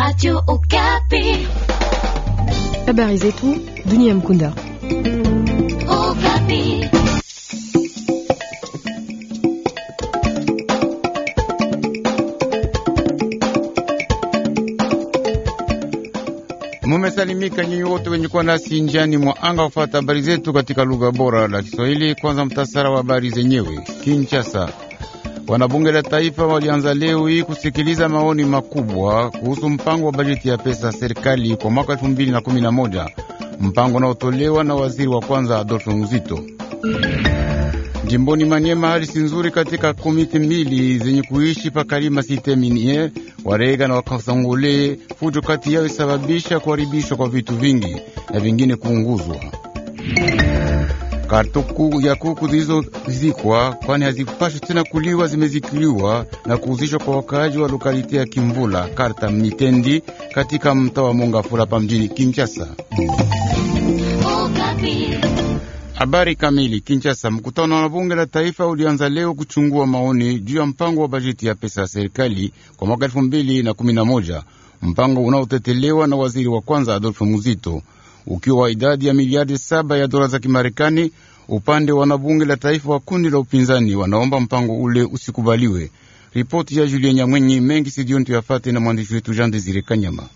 Radio Okapi. Habari zetu dunia mkunda. Okapi. Mumesalimika nyinyi wote wenye kuwa nasi njiani mwa anga kufuata habari zetu katika lugha bora la Kiswahili. Kwanza mtasara wa habari zenyewe. Kinshasa Wanabunge la taifa walianza leo hii kusikiliza maoni makubwa kuhusu mpango wa bajeti ya pesa ya serikali kwa mwaka 2011, mpango unaotolewa na waziri wa kwanza Adolfo Muzito. Jimboni Manyema, hali si nzuri katika komiti mbili zenye kuishi pakalima siteminie Warega na Wakasangole. Fujo kati yao isababisha kuharibishwa kwa vitu vingi na vingine kuunguzwa kartuku ya kuku zilizozikwa, kwani hazipashwi tena kuliwa, zimezikiliwa na kuuzishwa kwa wakaaji wa lokalite ya Kimvula Karta Mnitendi katika mtaa wa Mongafula pa mjini Kinshasa. Habari kamili. Kinshasa, mkutano wa bunge la taifa ulianza leo kuchungua maoni juu ya mpango wa bajeti ya pesa ya serikali kwa mwaka elfu mbili na kumi na moja, mpango unaotetelewa na waziri wa kwanza Adolfo Muzito ukiwa idadi ya miliardi saba ya dola za Kimarekani. Upande wa wanabunge la taifa wa kundi la upinzani wanaomba mpango ule usikubaliwe. Ripoti ya Julien Nyamwenyi mengi sidioni tuyafate na mwandishi wetu Jean Desire Kanyama.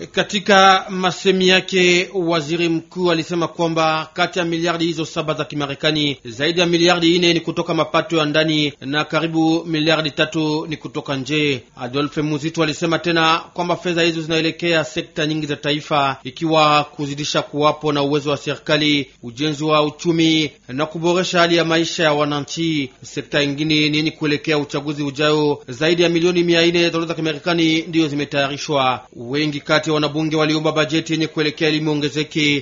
Eh, katika masemi yake waziri mkuu alisema kwamba kati ya miliardi hizo saba za Kimarekani, zaidi ya miliardi ine ni kutoka mapato ya ndani na karibu miliardi tatu ni kutoka nje. Adolphe muzito alisema tena kwamba fedha hizo zinaelekea sekta nyingi za taifa, ikiwa kuzidisha kuwapo na uwezo wa serikali, ujenzi wa uchumi na kuboresha hali ya maisha ya wananchi. Sekta ingine nini kuelekea uchaguzi ujao, zaidi ya milioni mia ine dola za Kimarekani ndiyo zimetayarishwa wengi kati wakati wanabunge waliomba bajeti yenye kuelekea elimu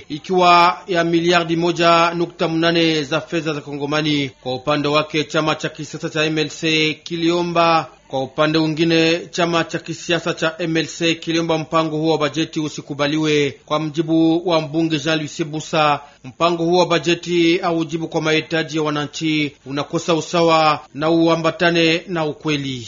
ikiwa ya miliardi moja nukta mnane za fedha za Kongomani. Kwa upande wake chama cha kisiasa cha MLC kiliomba kwa upande mwingine chama cha kisiasa cha MLC kiliomba mpango huo wa bajeti usikubaliwe. Kwa mjibu wa mbunge Jean Luis Busa, mpango huo wa bajeti aujibu kwa mahitaji ya wananchi, unakosa usawa na uambatane na ukweli.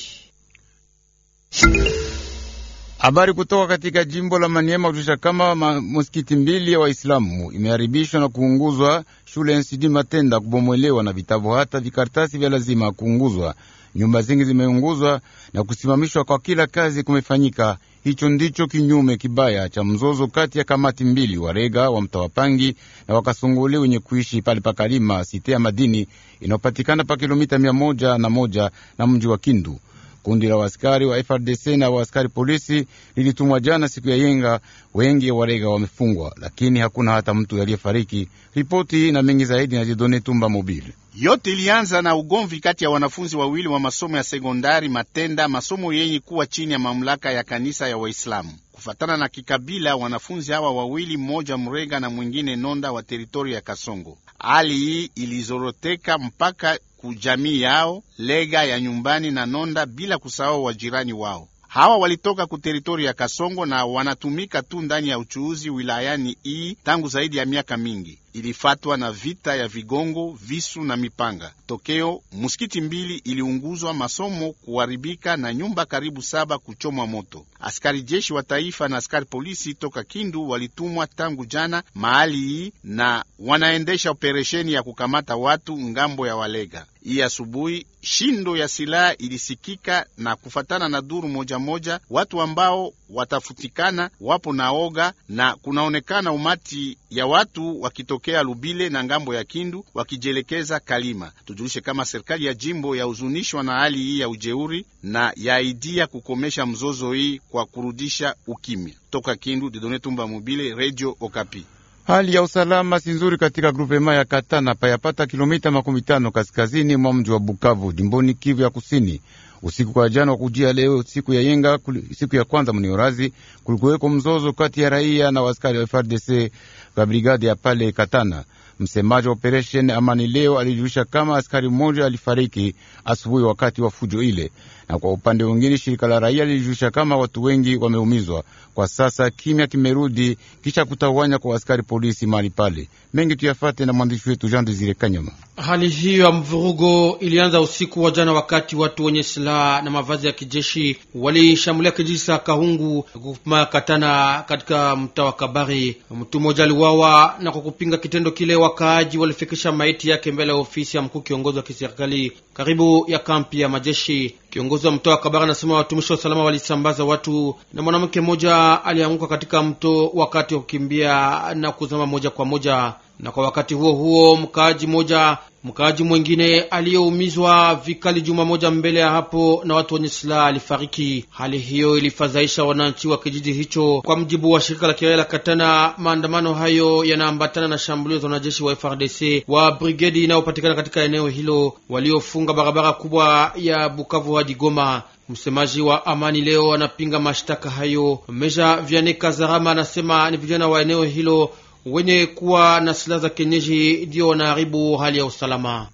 Habari kutoka katika jimbo la Maniema kutusha kama msikiti mbili ya wa Waislamu imeharibishwa na kuunguzwa. Shule NCD Matenda kubomolewa na vitabu hata vikaratasi vya lazima kuunguzwa. Nyumba zingi zimeunguzwa na kusimamishwa kwa kila kazi kumefanyika. Hicho ndicho kinyume kibaya cha mzozo kati ya kamati mbili warega wa mtawapangi na wakasunguli wenye kuishi pale pakalima site ya madini inayopatikana pa kilomita mia moja na moja na mji wa Kindu. Kundi la waskari wa FRDC na waskari polisi lilitumwa jana siku ya Yenga. Wengi warega wamefungwa, lakini hakuna hata mtu aliyefariki. Ripoti na mengi zaidi na Jidone Tumba Mobile. Yote ilianza na ugomvi kati ya wanafunzi wawili wa masomo ya sekondari Matenda, masomo yenye kuwa chini ya mamlaka ya kanisa ya Waislamu. Kufatana na kikabila, wanafunzi hawa wawili, mmoja mrega na mwingine Nonda wa teritori ya Kasongo. Hali hii ilizoroteka mpaka kujamii yao Lega ya nyumbani na Nonda, bila kusahau wajirani wao. Hawa walitoka ku teritori ya Kasongo na wanatumika tu ndani ya uchuuzi wilayani hii tangu zaidi ya miaka mingi ilifatwa na vita ya vigongo, visu na mipanga. Tokeo msikiti mbili iliunguzwa, masomo kuharibika na nyumba karibu saba kuchomwa moto. Askari jeshi wa taifa na askari polisi toka Kindu walitumwa tangu jana mahali hii na wanaendesha operesheni ya kukamata watu ngambo ya Walega. Hii asubuhi shindo ya silaha ilisikika, na kufatana na duru moja moja, watu ambao watafutikana wapo naoga, na kunaonekana umati ya watu wakitoka kutokea Lubile na ngambo ya Kindu wakijielekeza Kalima. Tujulishe kama serikali ya jimbo yahuzunishwa na hali hii ya ujeuri na yaidia kukomesha mzozo hii kwa kurudisha ukimya. Toka Kindu, Didone Tumba Mobile, Radio Okapi. Hali ya usalama si nzuri katika grupema ya Katana payapata kilomita makumi tano kaskazini mwa mji wa Bukavu, jimboni Kivu ya Kusini usiku kwa jana wa kujia leo siku ya yenga siku ya kwanza mniorazi kulikuweko mzozo kati ya raia na waskari wa frdc wa brigade ya pale Katana. Msemaji wa operesheni Amani leo alijulisha kama askari mmoja alifariki asubuhi wakati wa fujo ile, na kwa upande mwingine shirika la raia lilijulisha kama watu wengi wameumizwa. Kwa sasa kimya kimerudi kisha kutawanya kwa askari polisi mahali pale. Mengi tuyafate na mwandishi wetu Jean Desire Kanyama. Hali hiyo ya mvurugo ilianza usiku wa jana wakati watu wenye silaha na mavazi ya kijeshi walishambulia kijiji cha Kahungu Kupma Katana katika mtaa wa Kabari. Mtu mmoja aliwawa na kwa kupinga kitendo kile wa wakaaji walifikisha maiti yake mbele ya ofisi ya mkuu kiongozi wa kiserikali karibu ya kampi ya majeshi. Kiongozi wa mtoa wa Kabara anasema watumishi wa usalama walisambaza watu, na mwanamke mmoja alianguka katika mto wakati wa kukimbia na kuzama moja kwa moja. Na kwa wakati huo huo, mkaaji mmoja Mkaaji mwengine aliyeumizwa vikali juma moja mbele ya hapo na watu wenye silaha alifariki. Hali hiyo ilifadhaisha wananchi wa kijiji hicho. Kwa mjibu wa shirika la kiraia la Katana, maandamano hayo yanaambatana na shambulio za wanajeshi wa FRDC wa brigedi inayopatikana katika eneo hilo waliofunga barabara kubwa ya Bukavu hadi Goma. Msemaji wa Amani Leo anapinga mashtaka hayo. Meja Vianney Kazarama anasema ni vijana wa eneo hilo wenye kuwa na silaha za kienyeji ndio wanaharibu hali ya usalama.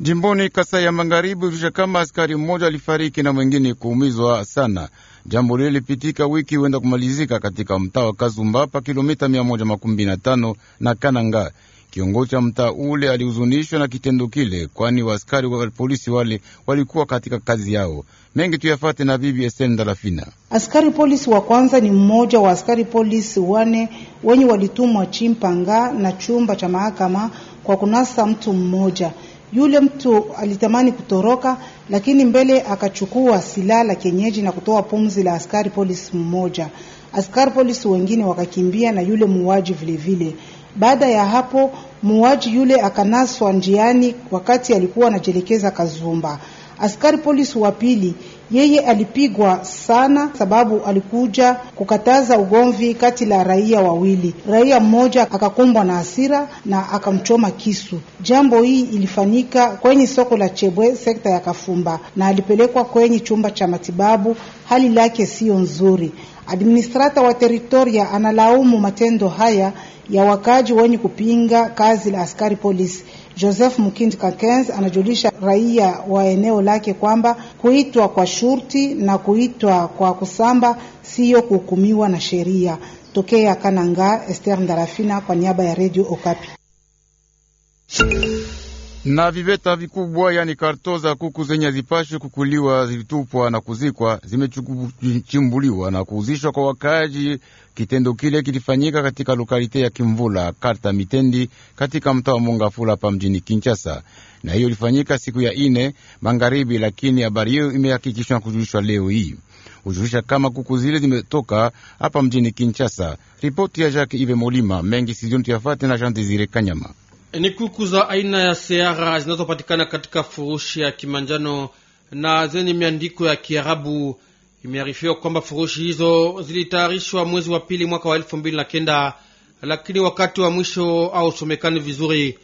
Jimboni Kasai ya Magharibi hushusha kama askari mmoja alifariki na mwingine kuumizwa sana. Jambo lile lipitika wiki huenda kumalizika katika mtaa wa Kazumba pa kilomita mia na na Kananga. Kiongozi wa mtaa ule alihuzunishwa na kitendo kile, kwani waaskari wa polisi wale walikuwa katika kazi yao mengi tuyafate na bibi Esther Ndalafina. Askari polisi wa kwanza ni mmoja wa askari polisi wane wenye walitumwa Chimpanga na chumba cha mahakama kwa kunasa mtu mmoja. Yule mtu alitamani kutoroka, lakini mbele akachukua silaha la kienyeji na kutoa pumzi la askari polisi mmoja. Askari polisi wengine wakakimbia na yule muuaji vilevile. Baada ya hapo muuaji yule akanaswa njiani wakati alikuwa anajielekeza Kazumba. Askari polisi wa pili yeye alipigwa sana, sababu alikuja kukataza ugomvi kati la raia wawili. Raia mmoja akakumbwa na hasira na akamchoma kisu. Jambo hii ilifanyika kwenye soko la Chebwe, sekta ya Kafumba, na alipelekwa kwenye chumba cha matibabu. Hali lake siyo nzuri. Administrata wa teritoria analaumu matendo haya ya wakaji wenye kupinga kazi la askari polisi. Joseph Mkindi Kakenz anajulisha raia wa eneo lake kwamba kuitwa kwa shurti na kuitwa kwa kusamba siyo kuhukumiwa na sheria. Tokea Kananga, Esther Ndarafina kwa niaba ya Radio Okapi na viveta vikubwa yani karto za kuku zenye hazipashi kukuliwa zilitupwa na kuzikwa zimechimbuliwa na kuuzishwa kwa wakaaji. Kitendo kile kilifanyika katika lokalite ya Kimvula karta Mitendi katika mtaa wa Mongafula hapa mjini Kinshasa, na hiyo ilifanyika siku ya ine magharibi, lakini habari hiyo imehakikishwa na kujulishwa leo hii hujulisha kama kuku zile zimetoka hapa mjini Kinshasa. Ripoti ya Jacques Ive Molima mengi sizioni tuyafate na Jean Desire Kanyama ni kuku za aina ya seara zinazopatikana katika furushi ya kimanjano na zenye miandiko ya Kiarabu. Imearifiwa kwamba furushi hizo zilitayarishwa mwezi wa pili mwaka wa elfu mbili na kenda, lakini wakati wa mwisho hausomekani vizuri.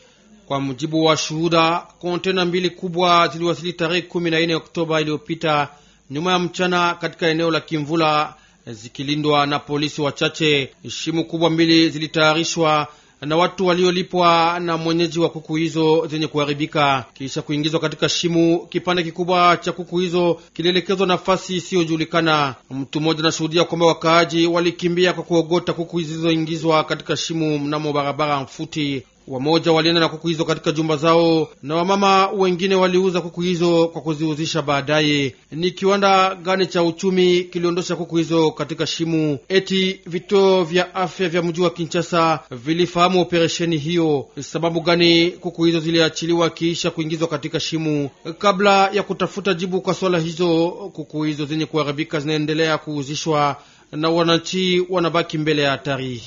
Kwa mujibu wa shuhuda, kontena mbili kubwa ziliwasili tarehe kumi na nne Oktoba iliyopita nyuma ya mchana katika eneo la Kimvula zikilindwa na polisi wachache. Shimu kubwa mbili zilitayarishwa na watu waliolipwa na mwenyeji wa kuku hizo zenye kuharibika kisha kuingizwa katika shimu. Kipande kikubwa cha kuku hizo kilielekezwa nafasi isiyojulikana. Mtu mmoja anashuhudia kwamba wakaaji walikimbia kwa kuogota kuku zilizoingizwa katika shimu mnamo barabara Mfuti. Wamoja walienda na kuku hizo katika jumba zao, na wamama wengine waliuza kuku hizo kwa kuziuzisha baadaye. Ni kiwanda gani cha uchumi kiliondosha kuku hizo katika shimu? Eti vituo vya afya vya mji wa Kinshasa vilifahamu operesheni hiyo. Sababu gani kuku hizo ziliachiliwa kiisha kuingizwa katika shimu? Kabla ya kutafuta jibu kwa swala hizo, kuku hizo zenye kuharibika zinaendelea kuuzishwa na wananchi wanabaki mbele ya hatari.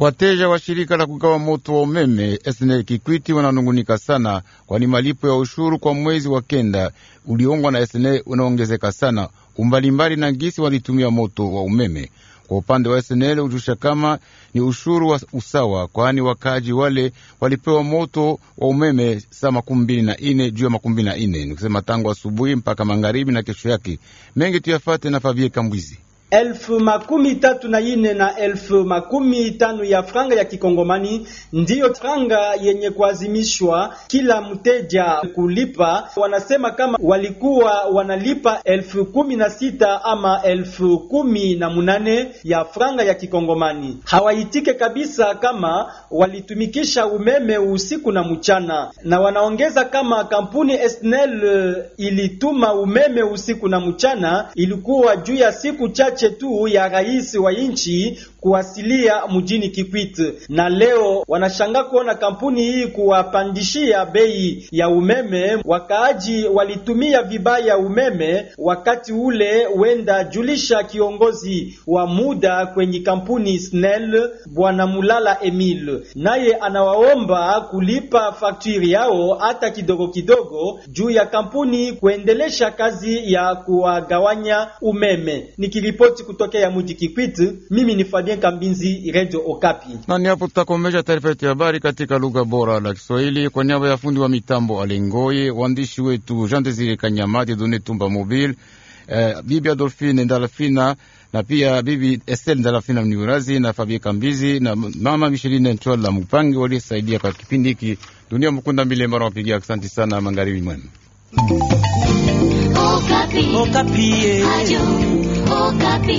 Wateja wa shirika la kugawa moto wa umeme SNEL Kikwiti wananungunika sana, kwani malipo ya ushuru kwa mwezi wa kenda uliongwa na SNEL unaongezeka sana umbalimbali na ngisi walitumia moto wa umeme. Kwa upande wa SNEL ujusha kama ni ushuru wa usawa, kwani wakaji wale walipewa moto wa umeme saa makumi mbili na ine juu ya makumi mbili na ine nikusema tangu asubuhi mpaka magharibi na kesho yake. Mengi tuyafate na Fabie Kambwizi elfu makumi tatu na ine na elfu makumi tano ya franga ya kikongomani ndiyo franga yenye kuazimishwa kila mteja kulipa. Wanasema kama walikuwa wanalipa elfu kumi na sita ama elfu kumi na munane ya franga ya kikongomani, hawaitike kabisa kama walitumikisha umeme usiku na mchana, na wanaongeza kama kampuni esnel ilituma umeme usiku na mchana, ilikuwa juu ya siku chache chache tu ya rais wa nchi kuwasilia mjini kikwiti na leo wanashangaa kuona kampuni hii kuwapandishia bei ya umeme. Wakaaji walitumia vibaya umeme wakati ule. Wenda julisha kiongozi wa muda kwenye kampuni SNEL Bwana Mulala Emil, naye anawaomba kulipa fakturi yao hata kidogo kidogo, juu ya kampuni kuendelesha kazi ya kuwagawanya umeme. Nikilipo Nikiripoti kutokea mji Kikwit, mimi ni Fabien Kambinzi, Radio Okapi. Na ni hapo tutakomesha taarifa yetu ya habari katika lugha bora la Kiswahili kwa niaba ya fundi wa mitambo Alengoye, waandishi wetu Jean Desire Kanyamati, Dieudonne Tumba Mobile, eh, Bibi Adolfine Ndalafina na pia Bibi Estel Ndalafina Mniurazi na Fabien Kambizi na Mama Micheline Ntola Mupangi walisaidia kwa kipindi hiki. Dunia Mukunda Milemba nawapigia asante sana. Magharibi mwema. Eh. Okapi.